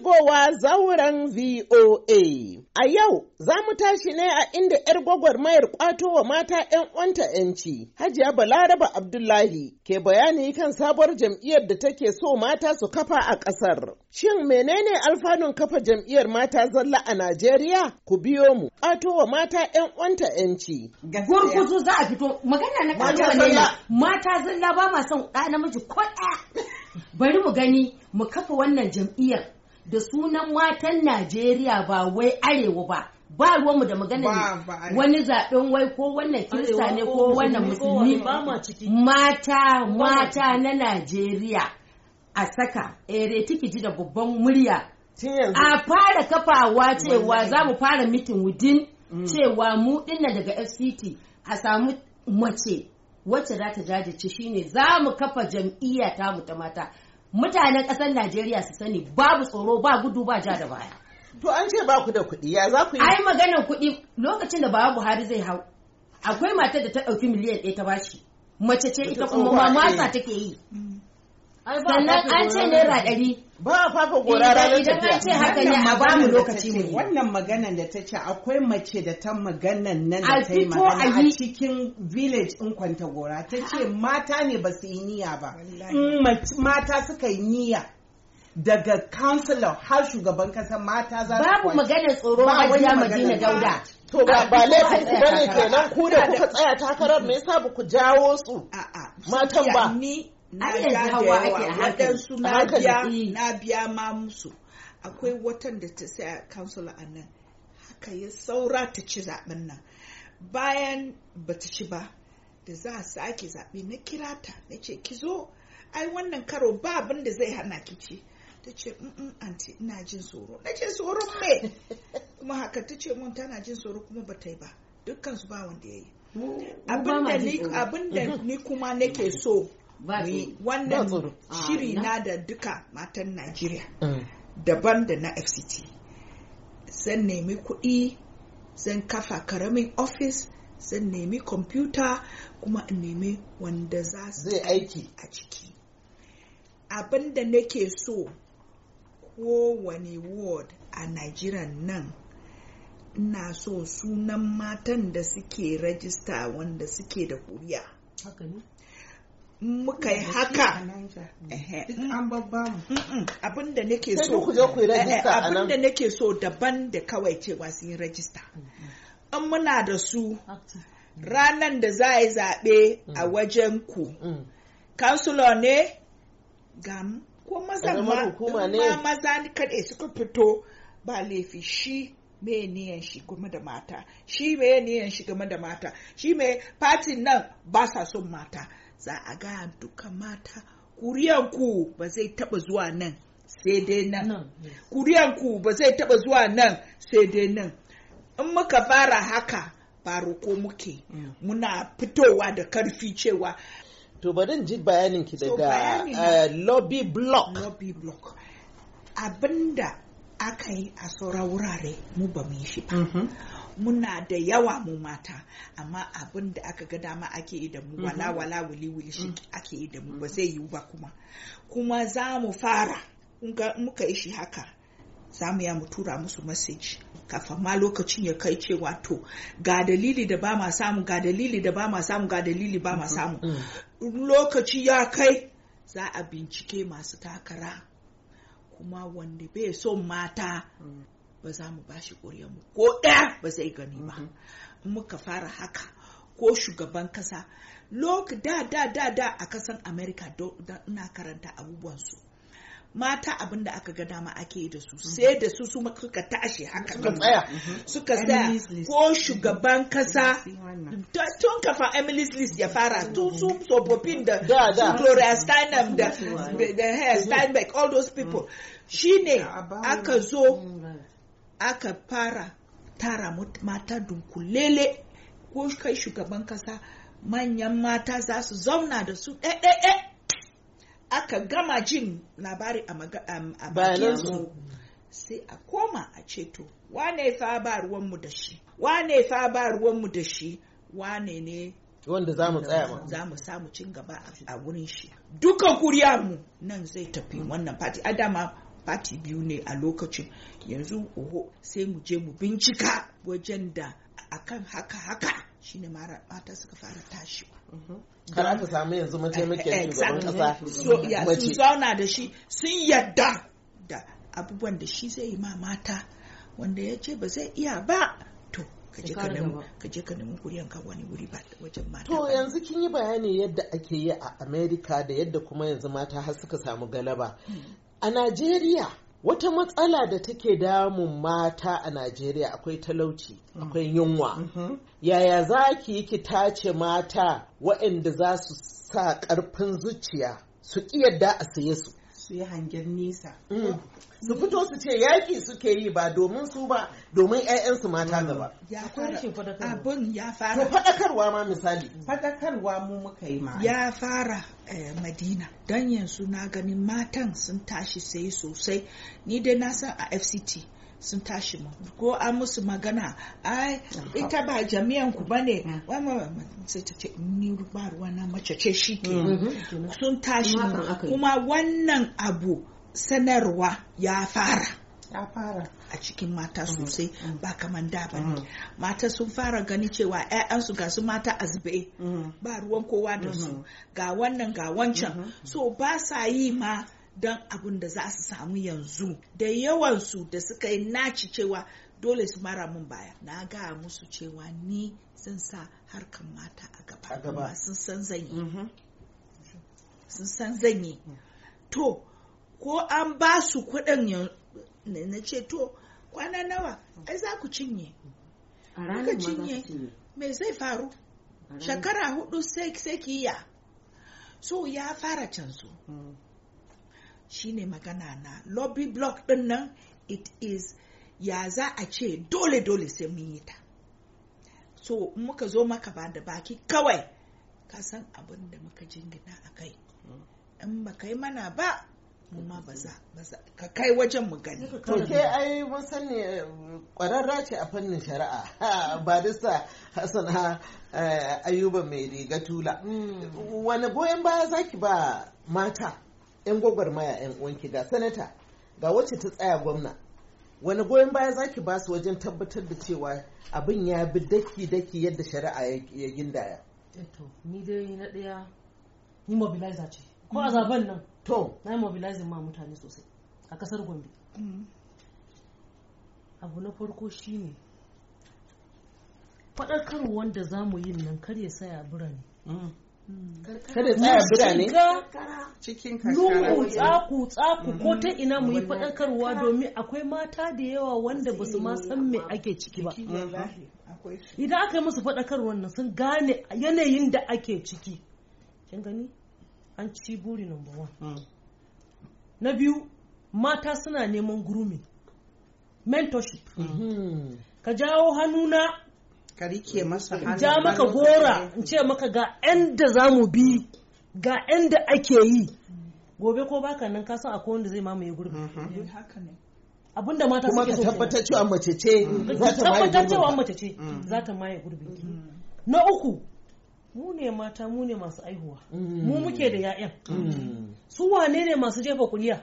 shigowa zauren VOA. A yau za mu tashi ne a inda 'yar gwagwarmayar kwato wa mata 'yan uwanta 'yanci, Hajiya Balaraba Abdullahi ke bayani kan sabuwar jam'iyyar da take so mata su kafa a ƙasar. Shin menene alfanun kafa jam'iyyar mata zalla a Najeriya? Ku biyo mu, kwato wa mata 'yan uwanta 'yanci. za a fito, magana na ne mata zalla ba ma son ɗa namiji ko ɗaya. Bari mu gani mu kafa wannan jam'iyyar da sunan matan Najeriya ba wai arewa ba ba ruwanmu da magana wani zaben wai ko wannan kirista ne ko wannan musulmi mata mata na Najeriya a saka ere ji da babban murya a fara kafawa cewa za mu fara mitin within mm. cewa mu dinna daga FCT a samu mace wacce za ta jajirce shine za mu kafa jam'iyya ta mu ta mata mutanen ƙasar Najeriya su sani babu tsoro ba gudu ba ja da baya. To an ce ba ku da kuɗi ya za ku yi? Ai maganar kuɗi lokacin da Baba Buhari zai hau. Akwai matar da ta ɗauki miliyan ɗaya ta bashi. Mace ce ita kuma ma take yi. Mm. sannan an ce naira ɗari ba a fafa gora eh, ranar idan an ce haka ne a bamu lokaci ne wannan maganan da ta ce akwai mace da ta maganan nan da ta yi magana a cikin village in kwanta gora ta ce mata ne ba su yi niyya ba mata suka yi niyya daga councilor har shugaban kasa mata za su babu maganar tsoro ba wajen madina dauda To ba ba laifin ku bane kenan ku da kuka tsaya takarar me yasa ba ku jawo su matan ba. na biya da na biya ma musu akwai watan da ta saya kansula a nan haka ya saura ta ci zaben nan bayan ba ta ci ba da za a sake zaɓe na kira ta na ce ki zo ai wannan karo ba abin da zai hana ki ci ta ce anti ina jin tsoro na ce tsoron me kuma haka ta ce mun tana jin tsoro kuma ba ta yi ba dukkan su ba wanda ya yi abin da mm-hmm. ni kuma nake so wannan shiri na da duka matan najeriya mm. daban da na fct zan nemi kuɗi zan kafa karamin ofis zan nemi kwamfuta kuma in nemi wanda za su aiki a ciki Abinda da nake so kowane ward a Najeriya nan ina so sunan matan da suke rajista wanda suke da kuriya muka yi haka an babbamu abinda nake so abinda nake so daban da kawai cewa sun yi rajista in muna da su mm. ranar da za a yi zaɓe mm. a wajen ku kansulo mm. ne ga ko maza ma maza kaɗai suka fito ba laifi shi me niyan shi game da mata shi me niyan shi game da mata shi me fatin nan ba sa son mata za a ga duka mata kuriyanku ba zai taba zuwa nan sai dai nan kuriyanku ba zai taba zuwa nan sai dai nan in muka fara haka ba roko muke muna fitowa da karfi cewa to bari ji bayanin daga eh, lobby block lobby block abinda aka yi a sauran wurare mu ba mu yi shi ba mm-hmm. muna da yawa mu mata amma abin da aka ga dama ake yi da mu mhm. wala wala wuli wuli shi mm. ake yi da mu ba mm. zai yiwu ba kuma kuma za mu fara muka yi shi haka za mu ya mu tura musu message kafa ma lokacin ya kai cewa to ga dalili da ba ma samu ga dalili da ba ma samu ga dalili ba ma mm-hmm. samu mm. lokaci ya kai za a bincike masu takara kuma wanda bai son mata ba za mu bashi mu ko ɗaya ba zai gani ba muka fara haka ko shugaban kasa lok da da da da a kasan america na karanta su mata abin da aka ga dama ake yi da su sai da su suka tashi haka suka tsaya suka tsaya ko shugaban kasa tun kafa emily's list ya fara tun su sobobin da gloria steinem da steinbeck all those people shine aka zo aka fara tara mata dunkulele ko kai shugaban kasa manyan mata za su zauna da su ɗaiɗaiɗai eh, eh, eh. aka gama jin labari a bakinsu sai a koma a ceto wane fa ba ruwanmu da shi wane fa ba ruwanmu da shi wane ne wanda za mu tsaya ba. za mu samu cin gaba a wurin shi duka kuriyarmu nan zai tafi wannan fati adama fati biyu ne a lokacin yanzu oho sai mu je mu bincika wajen da akan haka haka shine mata suka fara tashi mhm. kana ta samu yanzu mataimakiyar eh, shugaban kasa so ya sun zauna da shi sun yadda da abubuwan da shi zai yi ma mata wanda ya ce ba zai iya ba to ka je ka nemi kuriyan ka wani wuri ba wajen mata to yanzu kin yi bayani yadda ake yi a america da yadda kuma yanzu mata har suka samu galaba hmm. A Najeriya wata matsala da take damun mata a Najeriya akwai talauci, mm. akwai yunwa. Mm-hmm. Yaya za ki yi ki tace mata waɗanda za su sa ƙarfin zuciya su ƙi yadda a saye su? su yi hangen nisa. Mm. su fito su ce yaƙi suke yi ba domin su ba domin 'ya'yansu mata da mm. ba. ya fara abin ya fara to faɗakarwa ma misali faɗakarwa mu muka yi ma ya fara eh, madina don yanzu na ganin matan sun tashi sai sosai ni dai na san a fct sun tashi ma ko an musu magana ai ita ba jami'an ku bane sai ta ce ni ba ruwa na mace ce shi ke mhm, mhm. sun tashi kuma wannan abu sanarwa ya fara ya fara a cikin mata mhm, sosai ba kamar da ba ne mata sun fara gani cewa 'ya'yansu ga su mata azbe ba ruwan kowa da su ga wannan ga wancan so ba sa yi ma don abin da za su samu yanzu da yawansu da suka yi naci cewa dole su mara mun baya na ga musu cewa ni zan sa harkar mata a gaba sun san zanyi mm-hmm. sun san zanyi to ko an ba su kuɗin na ce to kwana nawa ai za ku cinye kuka cinye me zai faru shekara hudu sai ki ya so ya fara canzu mm. shine magana na lobby block din nan it is ya za a ce dole dole sai mun yi ta so muka zo maka ba da baki kawai ka san abin da muka jingina a kai in ba kai mana ba mu ma ba za ka kai wajen mu gani to ke ai mun san ne kwararra ce a fannin shari'a hasan ha eh, ayuba mai riga tula hmm. wani goyon baya zaki ba mata 'yan gwagwarmaya 'yan uwanki ga sanata ga wacce ta tsaya gwamna wani goyon baya za ki basu wajen tabbatar da cewa abin ya bi daki-daki yadda shari'a ya gindaya eh, ni dai na ɗaya ni mobilizer ce ko a zaben nan to na yi mobilizing ma mutane sosai a kasar gombe mm. abu na farko shine faɗakarwa wanda za mu yi nan kar ya saya birane mm. kada tsaya birane cikin lungu tsaku tsaku ko ta mm-hmm. ina mu yi faɗakarwa domin akwai mata da yawa wanda ba su ma san me ake ciki ba mm-hmm. idan aka yi musu faɗakarwar nan sun gane yanayin da ake ciki kin gani an ci buri number one mm. na biyu mata suna neman gurumi mentorship mm-hmm. ka jawo hannuna rike masa hannu ja maka gora in ce maka ga yan da za mu bi ga yan da ake yi gobe ko baka nan ka san akwai wanda zai mamaye gurbi mhm. abinda mata suke so tabbatar cewa mace ce mm. za ta tabbatar cewa mace ce mm. za ta maye gurbi mm. na uku mu ne mata mu ne masu aihuwa mu muke da 'ya'yan su wane ne masu jefa kuriya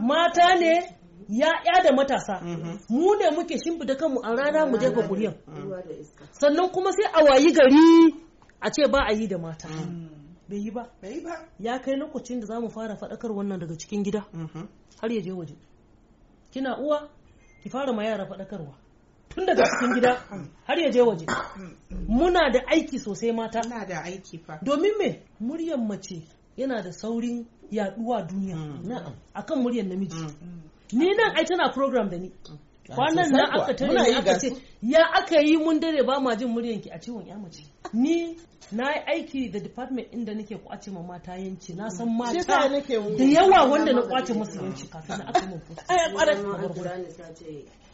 mata ne ya'ya da matasa mhm. mu ne muke shimfida kanmu a rana mu je kuriyan sannan kuma sai a wayi gari a ce ba a yi da mata mhm. bai yi ba ya kai lokacin da za mu fara faɗakar wannan daga cikin gida mhm. har ya je waje kina uwa ki fara ma yara faɗakarwa tun daga cikin gida har ya je waje muna da aiki sosai mata muna da aiki fa domin me muryar mace yana da saurin yaduwa duniya na'am akan muryan namiji ni nan ai tana program da ni oh, kwanan nan aka tare ni aka ce ya aka yi mun dare ba ma jin ki a ciwon ya mace ni na yi aiki da department inda nake kwace ma mata yanci na san mata da yawa wanda na kwace masu yanci kafin na aka mun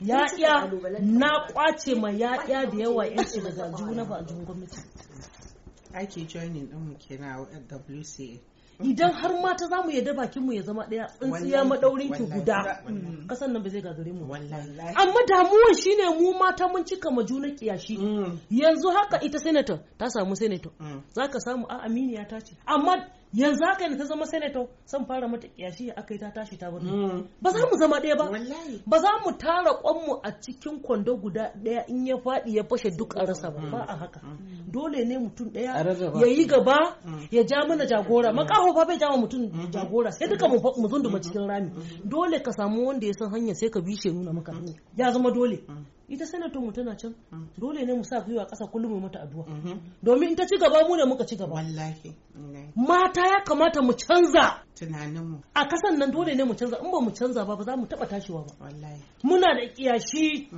ya iya na kwace ma ya iya da yawa yanci daga aljihu na ba aljihun gwamnati ake joining din mu kenan WCA idan har mata za mu yadda bakinmu ya zama ɗaya tsintsiya madaurin ki guda kasan mm. nan ba zai gagare mu amma damuwan shine mu mata mun cika ma juna kiyashi mm. yanzu haka ita senator ta samu senator mm. zaka samu a aminiya ta ce amma yanzu haka ne ta zama senator san fara mata kiyashi aka yi ta tashi ta bari mm. ba za mu zama ɗaya ba ba za mu tara kwanmu a cikin kwando guda daya in ya faɗi ya fashe duk a rasa ba mm. ba a haka mm. dole ne mutum ɗaya ya yi gaba ya ja mana jagora makaho fa bai jawo mutum mm-hmm. jagora sai duka mu zunduma mm-hmm. cikin rami mm-hmm. dole ka samu wanda ya san hanya sai ka bi nuna maka ya zama dole ita senator mu tana can mm. dole ne mu sa gwiwa ƙasa kullum mu mata addu'a mm-hmm. domin in ta ci gaba mu ne muka ci gaba wallahi mata ya kamata mu canza tunaninmu a kasan nan dole ne mu canza in ba mu canza ba ba za mu taba tashiwa ba wallahi muna da kiyashi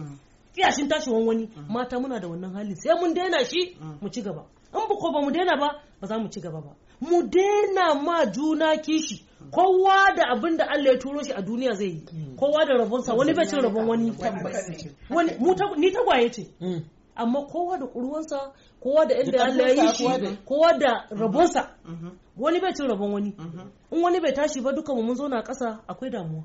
kiyashin mm. tashiwan wani mm. mata muna da wannan hali sai mun daina shi mu ci gaba in ba ko ba mu daina ba ba za mu ci gaba ba mu daina ma juna kishi kowa da abin da Allah ya turo shi a duniya zai yi kowa da rabonsa wani bai cin rabon wani tabbas wani ni tagwaye ce hmm. amma kowa da kurwansa kowa da inda Allah ya yi shi kowa da rabonsa hmm. wani bai cin rabon wani hmm. in wani bai tashi ba duka mun zo na kasa akwai damuwa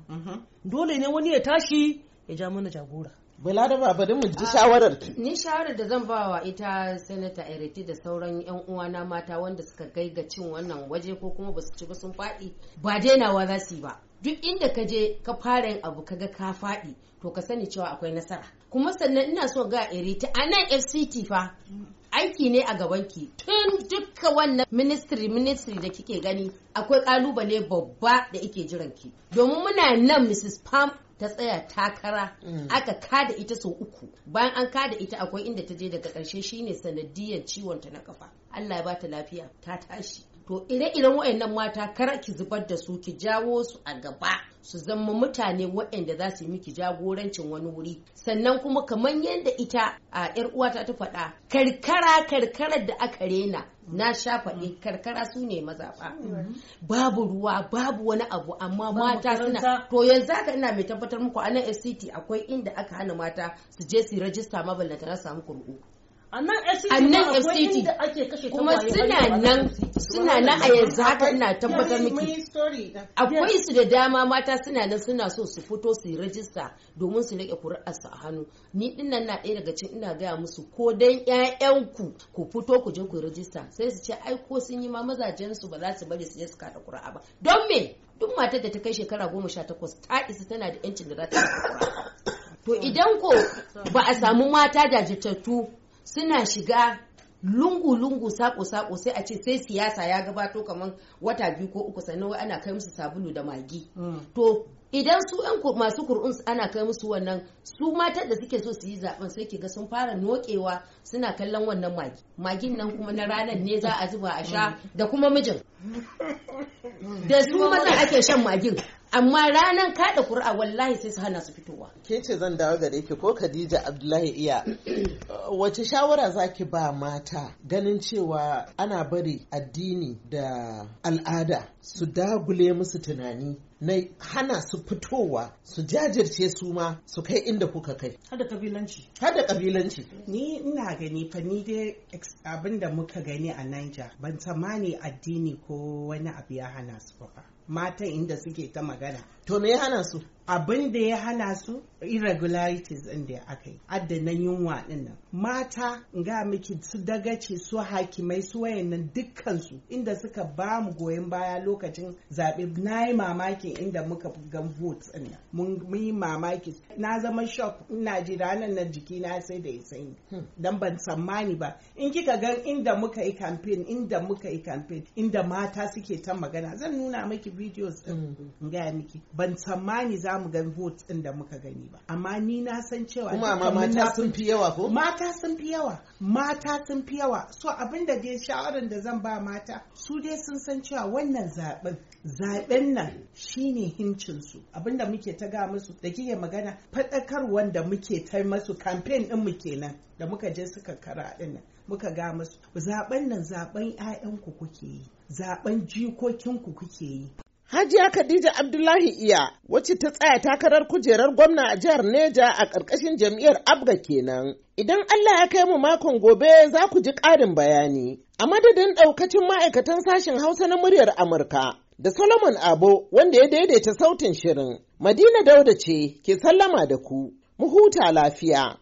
dole ne wani ya tashi ya ja mana jagora da bari mu ji ah, shawarar ki. Ni shawarar da zan bawa ita senator Eriti da sauran yan uwana mata wanda suka gai ga cin wannan waje ko kuma basu ci ba sun faɗi ba dainawa za su yi ba. Duk inda ka je ka fara yin abu kaga ka faɗi to ka sani cewa akwai nasara. Kuma sannan ina so ga Eriti a nan FCT fa aiki ne a gaban ki. tun dukka wannan ministry ministry da kike gani akwai kalubale babba da ike jiran ki. domin muna nan Mrs. Pam ta tsaya takara mm. aka kada ita sau uku bayan an kada ita akwai inda ta je daga ƙarshe shine sanadiyar ciwon ta na kafa Allah ya bata lafiya ta tashi to ire-iren waɗannan mata kar ki zubar da su ki jawo su a gaba su zama mutane waɗanda za su yi miki jagorancin wani wuri sannan kuma kamar yadda ita a yar uwata ta faɗa karkara karkarar da aka rena na sha faɗi karkara su ne mazaɓa mm-hmm. babu ruwa babu wani abu amma mata suna to yanzu haka ina mai tabbatar muku a nan SCT akwai inda aka hana mata su je su rajista maballata na samu kuri'u a nan fct kuma suna nan suna nan a yanzu haka ina tabbatar miki akwai su da dama mata suna nan suna so su fito su yi rajista domin su rike kuri'arsu a hannu ni dinnan na ɗaya daga cikin ina gaya musu ko dan ƴaƴanku ku fito ku je ku yi rajista sai su ce ai ko sun yi ma mazajen su ba za su bari su je su kada kuri'a ba don me duk matar da ta kai shekara goma sha takwas ta isa tana da 'yancin da za ta yi to idan ko ba a samu mata jajirtattu suna shiga lungu-lungu sako-sako sai a ce sai siyasa ya gabato kamar wata biyu ko uku sannan wai ana kai musu sabulu da magi mm. to idan su yan masu kur'un ana kai musu wannan su matan da suke so su yi zaben sai ki ga sun fara nokewa suna kallon wannan magi magin nan kuma na ranar ne za a zuba a sha da kuma mijin da su maza ake shan magin amma ranar kaɗa kur'a wallahi sai su hana su fitowa ke ce zan dawo gare ki ko Khadija Abdullahi iya wace shawara zaki ba mata ganin cewa ana bari addini da al'ada su dagule musu tunani na hana su fitowa su jajirce su ma su kai inda kuka kai hada kabilanci hada kabilanci ni ina gani fa ni dai abin da muka gani a Niger ban tsammani addini ko wani abu ya hana su ba matan inda suke ta magana to me ya hana su abin da ya hana su irregularities ɗin da aka yi addanan yunwa ɗin mata ga miki su dagace su hakimai su wayannan dukkansu inda suka ba mu goyon baya lokacin zaɓe na yi mamaki inda muka gan votes ɗin nan mun yi mamaki na zama shock ina ji ranar na jiki na sai da sanyi hmm. dan ban tsammani ba in kika gan inda muka yi campaign inda muka yi campaign inda mata suke ta magana zan nuna miki videos ɗin ga hmm. gaya miki ban tsammani za mu ga votes din da muka gani ba amma ni na san cewa kuma mata sun fi yawa ko mata sun fi yawa mata sun fi yawa so abin da dai shawaran da zan ba mata su dai sun san cewa wannan zaɓen. Zaɓen nan shine hincin su abin da muke ta ga musu da kike magana fadakar wanda muke ta masu campaign din mu kenan da muka je suka kara din muka ga musu Zaɓen nan zaben 'ya'yanku kuke yi zaben jikokinku kuke yi Hajiya Khadija Abdullahi Iya wacce ta tsaya takarar kujerar gwamna a jihar Neja a ƙarƙashin jam'iyyar Abga kenan. Idan Allah ya kai mu makon gobe za ku ji ƙarin bayani. A madadin ɗaukacin ma'aikatan sashen Hausa na muryar Amurka da Solomon Abo wanda ya daidaita sautin shirin. Madina Dauda ce ke sallama da ku. Mu huta lafiya.